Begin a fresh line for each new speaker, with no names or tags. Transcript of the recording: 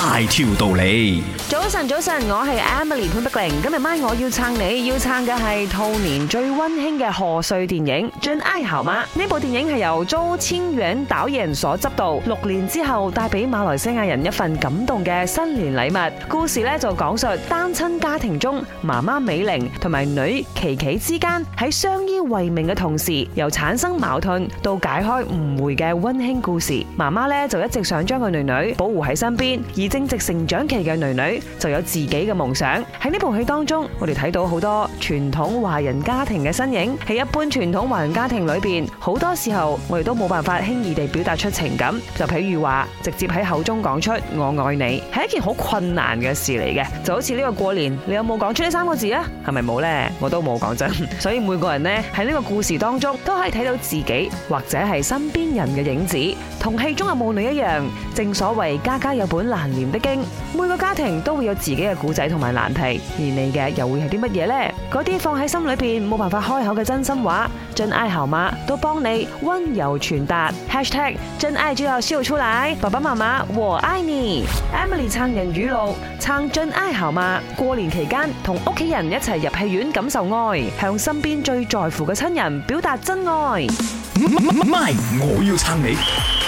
大條道理。
早晨，早晨，我係 Emily 潘碧玲。今日晚我要撐你，要撐嘅係兔年最温馨嘅賀歲電影《真愛好媽》。呢部電影係由周青元導演所執導。六年之後，帶俾馬來西亞人一份感動嘅新年禮物。故事咧就講述單親家庭中媽媽美玲同埋女琪琪之間喺相依為命嘅同時，由產生矛盾到解開誤會嘅温馨故事。媽媽咧就一直想將個女女保護喺身邊，正值成長期嘅女女就有自己嘅夢想。喺呢部戲當中，我哋睇到好多傳統華人家庭嘅身影。喺一般傳統華人家庭裏邊，好多時候我哋都冇辦法輕易地表達出情感。就譬如話，直接喺口中講出我愛你，係一件好困難嘅事嚟嘅。就好似呢個過年，你有冇講出呢三個字啊？係咪冇呢？我都冇講真。所以每個人呢，喺呢個故事當中，都可以睇到自己或者係身邊人嘅影子，同戲中嘅母女一樣。正所謂家家有本難念的經，每個家庭都會有自己嘅故仔同埋難題，而你嘅又會係啲乜嘢呢？嗰啲放喺心裏邊冇辦法開口嘅真心話，真愛好媽都幫你温柔傳達。#真愛就要笑出來，爸爸媽媽我愛你 em 撐露。Emily 撐人語錄，撐真愛好媽。過年期間同屋企人一齊入戲院感受愛，向身邊最在乎嘅親人表達真愛。
我要撐你。